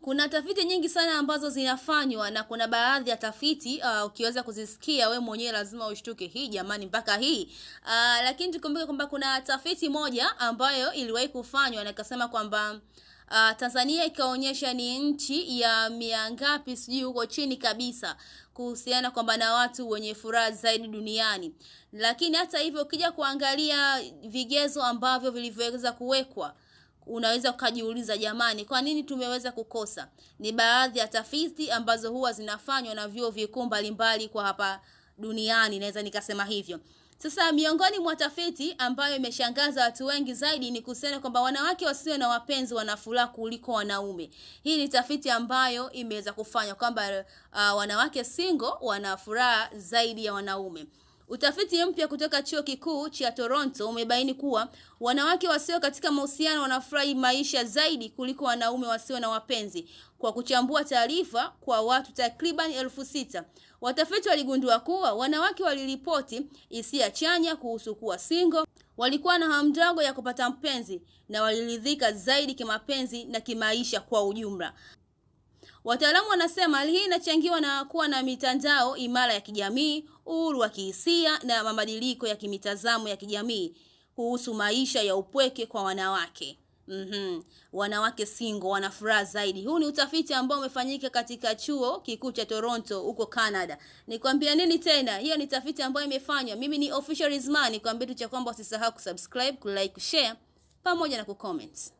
Kuna tafiti nyingi sana ambazo zinafanywa na kuna baadhi ya tafiti uh, ukiweza kuzisikia we mwenyewe lazima ushtuke, hii jamani, mpaka hii uh, lakini tukumbuke kwamba kuna tafiti moja ambayo iliwahi kufanywa na ikasema kwamba uh, Tanzania ikaonyesha ni nchi ya mia ngapi sijui huko chini kabisa kuhusiana kwamba na watu wenye furaha zaidi duniani. Lakini hata hivyo ukija kuangalia vigezo ambavyo vilivyoweza kuwekwa unaweza ukajiuliza jamani, kwa nini tumeweza kukosa? Ni baadhi ya tafiti ambazo huwa zinafanywa na vyuo vikuu mbalimbali kwa hapa duniani, naweza nikasema hivyo. Sasa miongoni mwa tafiti ambayo imeshangaza watu wengi zaidi ni kusema kwamba wanawake wasio na wapenzi wana furaha kuliko wanaume. Hii ni tafiti ambayo imeweza kufanywa kwamba uh, wanawake single wana furaha zaidi ya wanaume. Utafiti mpya kutoka Chuo Kikuu cha Toronto umebaini kuwa wanawake wasio katika mahusiano wanafurahi maisha zaidi kuliko wanaume wasio na wapenzi. Kwa kuchambua taarifa kwa watu takriban elfu sita, watafiti waligundua kuwa wanawake waliripoti hisia chanya kuhusu kuwa single, walikuwa na hamu ndogo ya kupata mpenzi na waliridhika zaidi kimapenzi na kimaisha kwa ujumla. Wataalamu wanasema hali hii inachangiwa na kuwa na mitandao imara ya kijamii, uhuru wa kihisia na mabadiliko ya kimitazamo ya kijamii kuhusu maisha ya upweke kwa wanawake. Mm-hmm. Wanawake single wana furaha zaidi. Huu ni utafiti ambao umefanyika katika chuo kikuu cha Toronto huko Canada. Nikwambia nini tena? Hiyo ni tafiti ambayo imefanywa. Mimi ni Official Rizman, nikwambia tu cha kwamba usisahau kusubscribe, kulike, kushare pamoja na kucomment.